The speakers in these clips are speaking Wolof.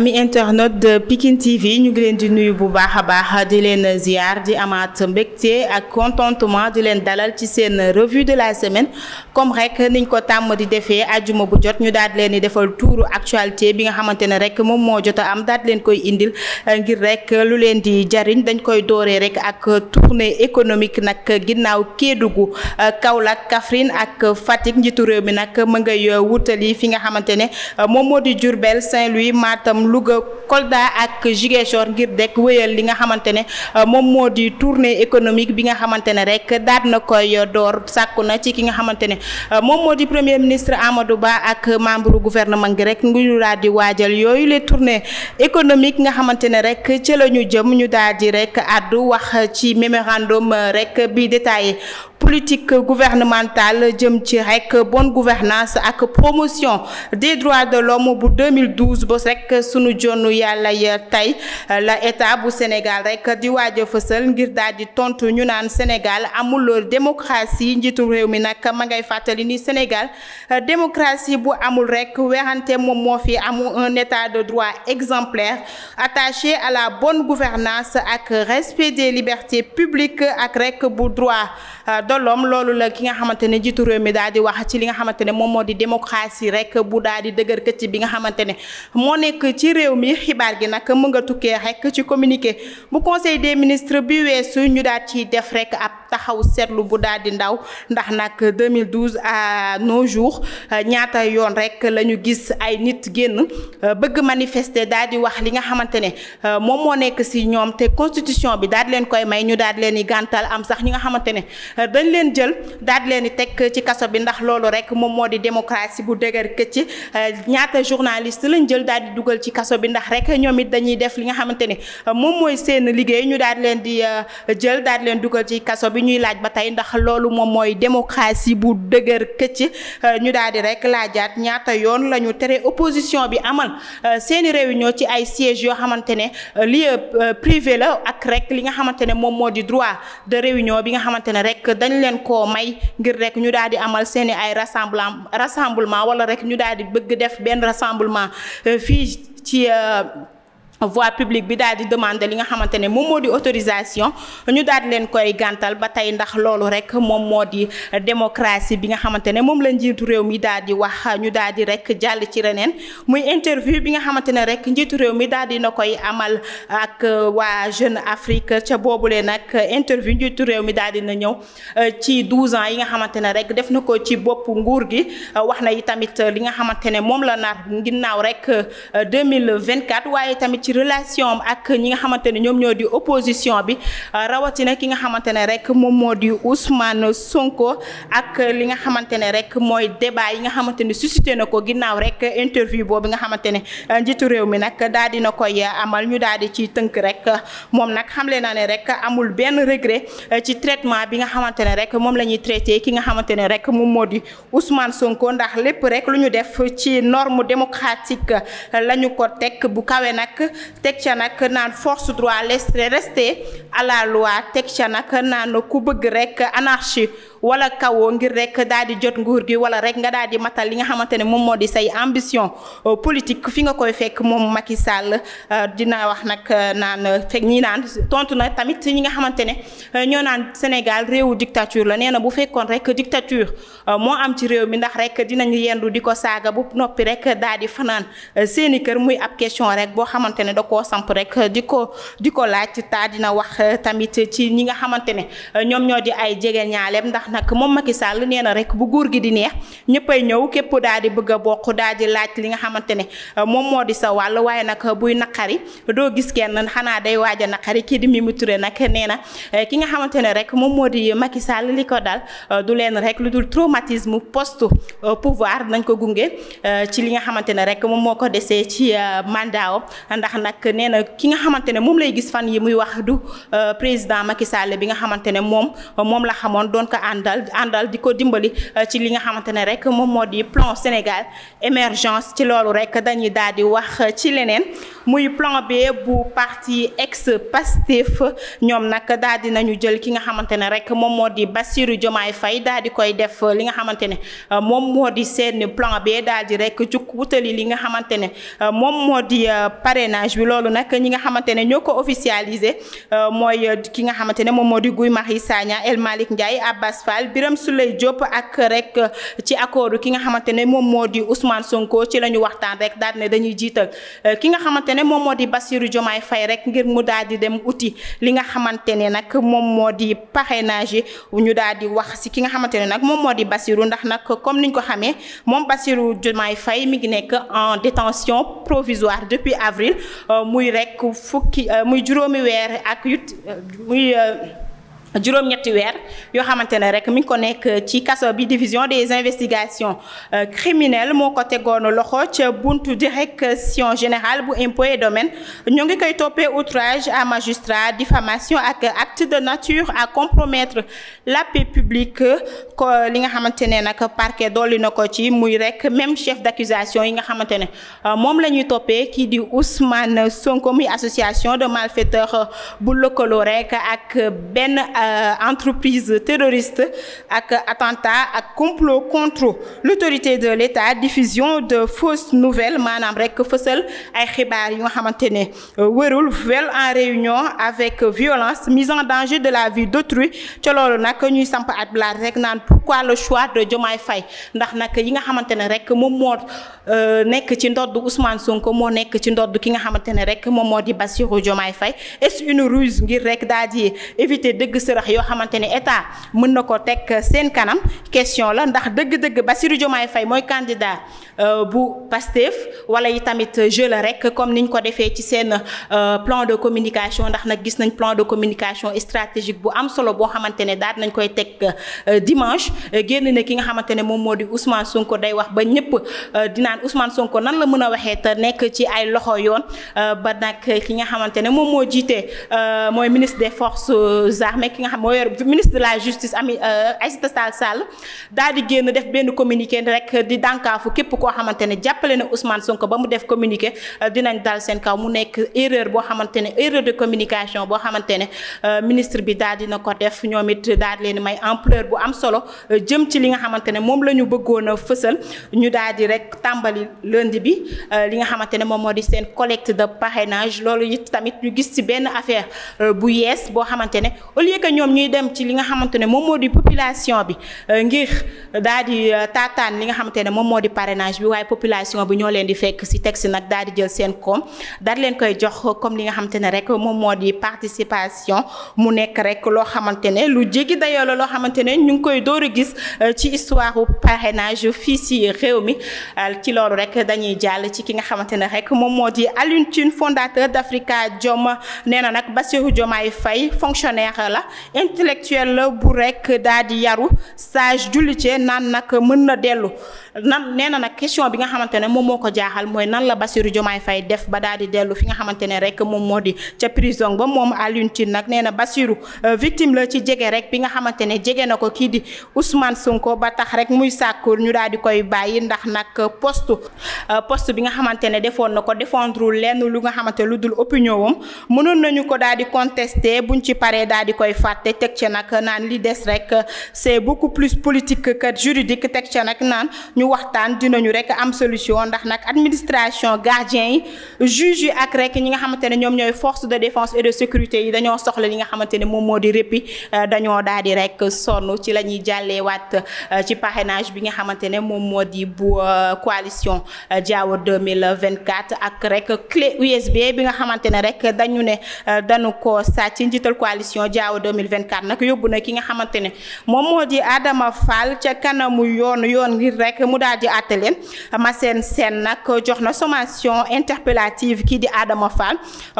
ami internet de Pikine TV ñu ngi leen di nuyu bu baax a baax di leen ziar di amaat mbégte ak contentement di leen dalal ci seen revue de la semaine comme rek niñ ko tàmm di defee ajuma bu jot ñu daal di leen di defal tuuru actualité bi nga xamante ne rek moom moo jot am daal leen koy indil eh, ngir rek lu leen di jariñ dañ koy dooree rek ak tournée économique nag ginnaaw Kédougou eh, Kaolack Kaffrine ak Fatick njiitu réew mi nag ma wutali fi nga xamant Louga Kolda ak Ziguinchor ngir dekk wéyal li nga xamante ne euh, moom moo di tournée économique bi nga xamante ne rek daat na koy door sàkku na ci ki nga xamante ne euh, moom moo di premier ministre Amadou Ba ak membre gouvernement gi rek ngi daal di waajal yooyu les tournées économique nga xamante ne rek cëla ñu jëm ñu daal di rek àddu wax ci mémorandum euh, rek bi détaillé politique gouvernementale jëm ci rek bonne gouvernance ak promotion des droits de l'homme bu 2012 bo rek sunu jonne yalla ya tay la état bu Sénégal rek di waaj feusel ngir di tontu ñu nan Sénégal amul démocratie Njitou rewmi nak ma ngay fatali ni Sénégal démocratie bu amul rek werante mom moo amu un état de droit exemplaire attaché à la bonne gouvernance ak respect des libertés publiques ak rek bu droit euh, doloom loolu la ki nga xamante ne jiitu réew mi daal di wax ci li nga xamante ne moom moo di démocratie rek bu daal di dëgër këcc bi nga xamante ne moo nekk ci réew mi xibaar gi nag mën nga tukkee rek ci communiqué bu conseil des ministres bi weesu ñu daal ci def rek ab taxaw seetlu bu daal di ndaw ndax nag 2012 à nos jours euh, ñaata yoon rek la ñu gis ay nit génn euh, bëgg manifester daal di wax li nga xamante ne euh, moom moo nekk si ñoom te constitution bi daal di leen koy may ñu daal di leen di gàntal am sax ñi nga xamante dañ leen jël daal leen di teg ci kaso bi ndax loolu rek moom moo di démocratie bu dëgër këcc euh, ñaata journaliste lañ jël daal di dugal ci kaso bi ndax rek ñoom it dañuy def li nga xamante ni euh, moom mooy seen liggéey ñu daal leen di euh, jël daal leen dugal ci kaso bi ñuy laaj ba tey ndax loolu moom mooy démocratie bu dëgër këcc ñu daal di rek laajaat ñaata yoon la ñu tere opposition bi amal seeni réunion ci ay sièges yoo xamante ne lieu privé la ak rek li nga xamante ne moom moo di droit de réunion bi nga xamante ne rek dañ leen koo may ngir rek ñu daal di amal seen i ay rassemblement rassemblement wala rek ñu daal di bëgg def benn rassemblement euh, fi ci euh, voie publique bi daal di demandé li nga xamante ne moom moo di autorisation ñu daal di leen koy gàntal ba tey ndax loolu rek moom moo di démocratie bi nga xamante ne moom la njiitu réew mi daal di wax ñu daal di rek jàll ci reneen muy interview bi nga xamante ne rek njiitu réew mi daal di na koy amal ak euh, waa Jeune Afrique ca boobule nag interview njiitu réew mi daal di na ñëw euh, ci 12 ans yi nga xamante ne rek def na ko ci bopp nguur gi euh, wax na yi tamit li nga xamante ne moom la nar ginnaaw rek 2024 waaye tamit. ci relation ak ñi nga xamante ne ñoom ñoo di opposition bi euh, rawatina ki nga xamante ne rek moom moo di Ousmane Sonko ak li nga xamante ne rek mooy débat yi nga xamante ne suscité na ko ginnaaw rek interview boobu nga xamante ne euh, njiitu réew mi nag daal dina koy euh, amal ñu daal di ci tënk rek moom nag xamle na ne rek amul benn regret ci traitement bi nga xamante ne rek moom la ñuy traité ki nga xamante ne rek moom moo di Ousmane Sonko ndax lépp rek lu ñu def ci norme démocratique la ko teg bu kawe nag Tekchana ca force droit rester à la loi Tekchana ca nag anarchie wala kawoo ngir rek daal di jot nguur gi wala rek nga daal di matal li nga xamante ne moom moo di say ambition euh, politique fi nga koy fekk moom Macky Sall euh, dina wax nag euh, naan fekk ñi naan tontu na tamit ñi nga xamante ne ñoo naan Sénégal réewu dictature la nee na bu fekkoon rek dictature moo am ci réew mi ndax rek dinañu yendu di ko saaga bu noppi rek daal di fanaan seeni kër muy ab question rek boo xamante ne da koo samp rek di ko di ko laaj ta dina wax tamit ci ñi nga xamante ne ñoom ñoo di ay jege ñaaleem ndax nak moom Macky Sall nee na rek bu góor gi di neex ñëppay ñëw képp daal di bëgg a bokk daal di laaj li nga xamante ne euh, moom moo di sa wàll waaye nag buy naqari doo gis kenn xanaa day waaj a naqari kii di Mimi Touré nag nee na euh, ki nga xamante ne rek moom moo di Macky Sall li ko dal euh, du leen rek lu dul traumatisme post pouvoir nañ ko gunge ci li nga xamante ne rek moom moo ko desee ci mandat ndax nag nee na ki nga xamante ne moom lay gis fan yi muy wax du président Macky Sall bi nga xamante ne moom moom la xamoon doon ko ànd àndal àndal di ko dimbali euh, ci li nga xamante ne rek moom moo di plan Sénégal émergence ci loolu rek dañuy daal di wax euh, ci leneen muy plan B bu parti ex Pastef ñoom nag daal di nañu jël ki nga xamante ne rek moom moo di Bassirou Diomaye fay daal di koy def euh, li nga xamante ne moom moo di seen plan B daal di rek jukk wutali li nga xamante ne moom moo di parrainage bi loolu nag ñi nga xamante ne ñoo ko officialisé mooy ki nga xamante moom moo di Guy Marius Sagna Fall Birame Souleye Diop ak rek euh, ci accord ki nga xamantene mom modi Ousmane Sonko ci la waxtaan rek daal ne dañuy jiital euh, ki nga xamantene mom modi Bassirou Diomaye Faye rek ngir mu daal di dem uti li nga xamantene nak mom modi moo parrainage ñu daal di wax ci ki nga xamantene nak mom modi Bassirou ndax nak comme niñ ko xamé mom Bassirou Diomaye Faye mi ngi nek en détention provisoire depuis avril euh, muy rek fukki muy juróomi weer ak yut muy juróom-ñetti weer yo xamantene rek mi ko ci bi division des investigations euh, criminelles moo ko tegoon loxo ci buntu direction générale bu impôt et domaine ñoo ngi koy topé outrage à magistrat diffamation ak acte de nature à compromettre la paix publique ko li nga xamantene nak parquet doli nako ci muy rek même chef d'accusation yi nga xamantene ne euh, moom la ñuy di Ousmane Sonko mi association de malfaiteurs bu lokolo rek ak euh, entreprise terroriste ak attentat ak complot contre l'autorité de l'État diffusion de fausses nouvelles manam rek fësal ay xibar yi nga xamantene euh, wërul en réunion avec violence mise en danger de la vie d'autrui ca n'a nak ñuy samp at rek pourquoi le choix de Jomay Fay ndax nak yi nga xamantene rek moom moo euh, nek ci ndodd Ousmane Sonko mo nek ci ndodd ki nga xamantene rek moom modi di Bassirou Diomaye est-ce une ruse ngir rek dadi éviter de sërëx yo xamantene état mën nako tek seen kanam question la ndax deug deug Bassirou Diomaye Fay moy candidat euh, bu Pastef wala yi tamit je le rek comme niñ ko defee ci seen euh, plan de communication ndax nak gis nañ plan de communication stratégique bu am solo bo xamantene ne nañ koy tek euh, dimanche genn ne ki nga xamantene mom modi Ousmane Sonko day wax ba di dinaan Ousmane Sonko nan la mëna waxé te nek ci ay loxo yoon ba nak ki nga xamantene mom mo jité ministre des forces armées ministre de la justice ami euh, Aïssata Tall Sall daal di génn def benn communiqué rek di dànkaafu képp koo xamante ne jàppale na Ousmane Sonko def communiqué euh, dinañ dal seen kaw mu nekk erreur boo erreur de communication boo xamante ne euh, ministre bi daal dina ko def ñoom it daal may ampleur bu am solo jëm ci li nga xamante ne moom la ñu ñu di rek lundi bi li nga collecte de parrainage loolu it tamit ñu gis ci affaire bu yees au lieu que que ñoom ñuy dem ci li nga xamantene mom modi population bi euh, ngir dadi euh, tatane li nga xamantene mom modi parrainage bi waaye population bi ñoo leen di fekk si teg nak nag jël sen koy jox comme li nga xamantene rek mom modi participation mu nekk rek lo xamantene lu jéggi dayo lo xamantene koy dooru gis euh, ci histoire parrainage fi ci réew mi ci lolu rek dañuy jall ci ki nga xamantene rek mom modi Tine fondateur d'africa nee na nag Bassirou Diomaye fonctionnaire la intellectuel la bu rek daa di yaru sage jullite naan nag mën na dellu nan nee na nag question bi nga xamante ne moom moo ko jaaxal mooy nan la Bassirou Diomaye fay def ba daa di dellu fi nga xamante ne rek moom moo di ca prison ba moom Alioune Tine nag nee na Bassirou euh, victime la ci jege rek bi nga xamante ne jege na ko kii di Ousmane Sonko ba tax rek muy sàkku ñu daal di koy bàyyi ndax nag poste euh, poste bi nga xamante ne defoon na ko défendre lenn lu nga xamante lu dul opinion wam mënoon nañu ko daal di buñ ci paree daal koy fay fàtte teg ca nag li des rek c'est beaucoup plus politique que juridique teg ca nous attend ñu waxtaan dinañu rek am solution ndax nak administration gardien juge créer ak rek ñi nga xamantene ñom ñoy force de défense et de sécurité yi dañoo soxla li nga xamantene mom modi répi répit euh, dañoo daal rek sonu ci lañuy jallé wat euh, ci parrainage bi nga xamantene mom modi bu euh, coalition Diao 2024 ak rek clé USB bi nga xamantene rek dañu né dañu ko sàcc njiital coalition Diao 2024 nag yóbbu na ki nga xamante ne moom moo di Adama Fall ca kanamu yoon yoon ngir rek mu daal di àtte leen Massène Sène nag jox na sommation interpellative kii di Adama Fall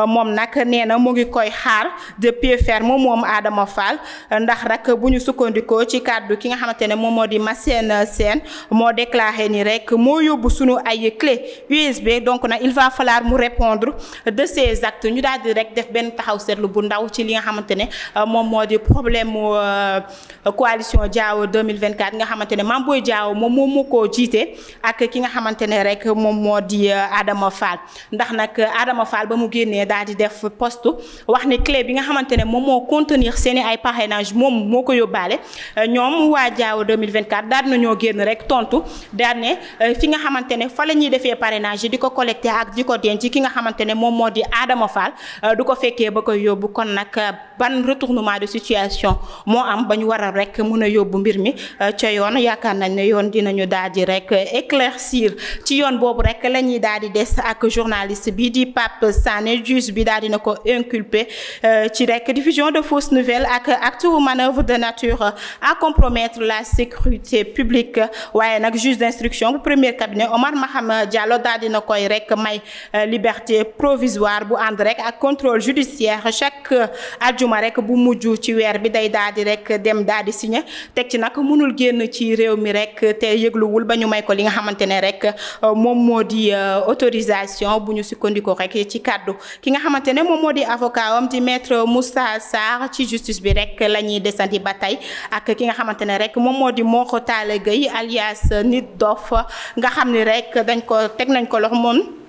moom nag nee na mu ngi koy xaar de pied ferme moom Adama Fall ndax rek bu ñu sukkandikoo ci kàddu ki nga xamante ne moom moo di Massène seen moo déclaré nii rek moo yóbbu sunu ay clé USB donc nag il va falloir mu répondre de ces actes ñu daal rek def benn taxaw seetlu bu ndaw ci li nga xamante euh, moom problème mu euh, coalition Diao 2024 nga xamantene Mamboy Diao mom moom moo koo ak ki nga xamantene rek mom modi euh, Adama Fall ndax nak Adama Fall di def poste wax ne clé bi nga xamantene mom mo contenir séni ay parrainage mom moko à ñom wa Diao 2024 dal di nañoo génn rek tontu daal né euh, fi nga xamantene fa lañuy parrainage diko collecter ak diko denc ki nga xamantene mom modi Adama Fall du ko ba koy yobbu kon nak ban retournement retournement de situation mo am ba wara rek mëna yobbu mbir mi euh, nañ né yoon dinañu rek éclaircir ci yoon bobu rek lañuy ñuy dess ak journaliste bi di Pape Sané juge bi daal dina inculpé euh, ci rek diffusion de fausses nouvelles ak acte ou manœuvre de nature à compromettre la sécurité publique waye nak juge d'instruction premier cabinet Omar Maham Diallo daal dina koy rek may euh, liberté provisoire bu and rek ak contrôle judiciaire chaque aljuma rek bu mujj ci weer bi day daal di rek dem daal di signé teg ci nag mënul génn ci réew mi rek te yëgluwul ba ñu may ko li nga xamante ne rek euh, moom moo di euh, autorisation bu ñu sukkandikoo rek ci kàddu ki nga xamante ne moom moo di avocat am di maître Moussa Sarr ci justice bi rek la ñuy desandi ba tey ak ki nga xamante ne rek moom moo di Mokho Talla Gueye alias nit dof nga xam ni rek dañ ko teg nañ ko lox moom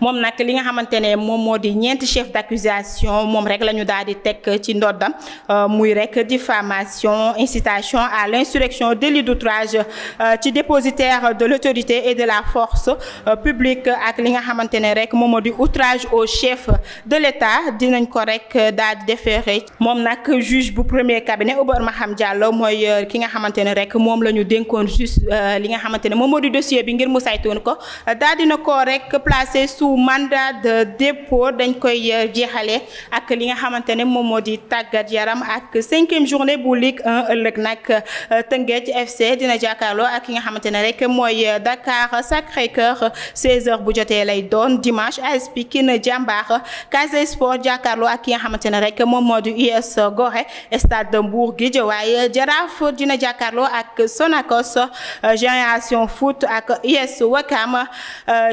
mom nak li nga xamantene mom modi ñent chef d'accusation mom rek lañu ñu daal di ci ndoddam euh, muy rek diffamation incitation à l'insurrection délit d'outrage euh, ci dépositaire de l'autorité et de la force euh, publique ak li nga xamantene rek mom modi outrage au chef de l'État dinañ ko rek daal di déféré moom juge bu premier cabinet Oumar Maham Diallo moy ki nga xamantene rek mom lañu ñu juste li nga xamantene mom modi dossier bi ngir mu saytuwoon ko daal dina ko rek place sous mandat de dépôt dañ koy euh, jeexale ak li nga xamantene mom modi tagat yaram ak cinquième journée bu Ligue 1 nak nag euh, FC dina jakarlo ak nga xamantene rek moy euh, Dakar Sacré-Cœur 16h bu jotee lay doon dimanche à Pikine Jambar Casa Sport jakarlo ak nga xamantene rek mom modi US Gorée Stade de Mbour Guédiawaye Jaraaf dina jakarlo ak Sonacos Génération Foot ak US Wakam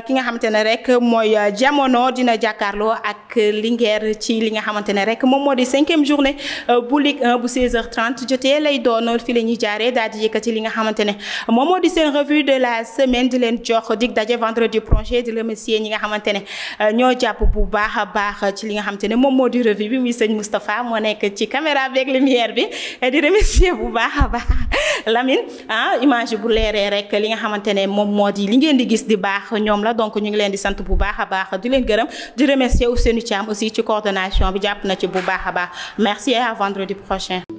ki nga xamantene rek moy euh, jamono dina jakarlo ak Linguère ci li nga xamantene rek mom modi 5 cinquième journée euh, bu Ligue 1 bu 16h30 jotee lay doon fi lañu ñuy dal daal di yëkkati li nga xamantene mom modi moo revue de la semaine di len jox dig daje vendredi prochain di monsieur ñi nga xamantene euh, ñoo japp bu baax baax ci li nga xamantene mom modi revue bi muy seigne Moustapha mo nek ci caméra ak lumière bi di remercier bu baax baax Lamine ah image bu léré rek li nga xamantene mom modi li ngeen di gis di baax ñom la donc ñu ngi len di sant sant bu baax a baax di leen gërëm di remercier aussi ci coordination bi japp na ci bu baax baax merci et à vendredi prochain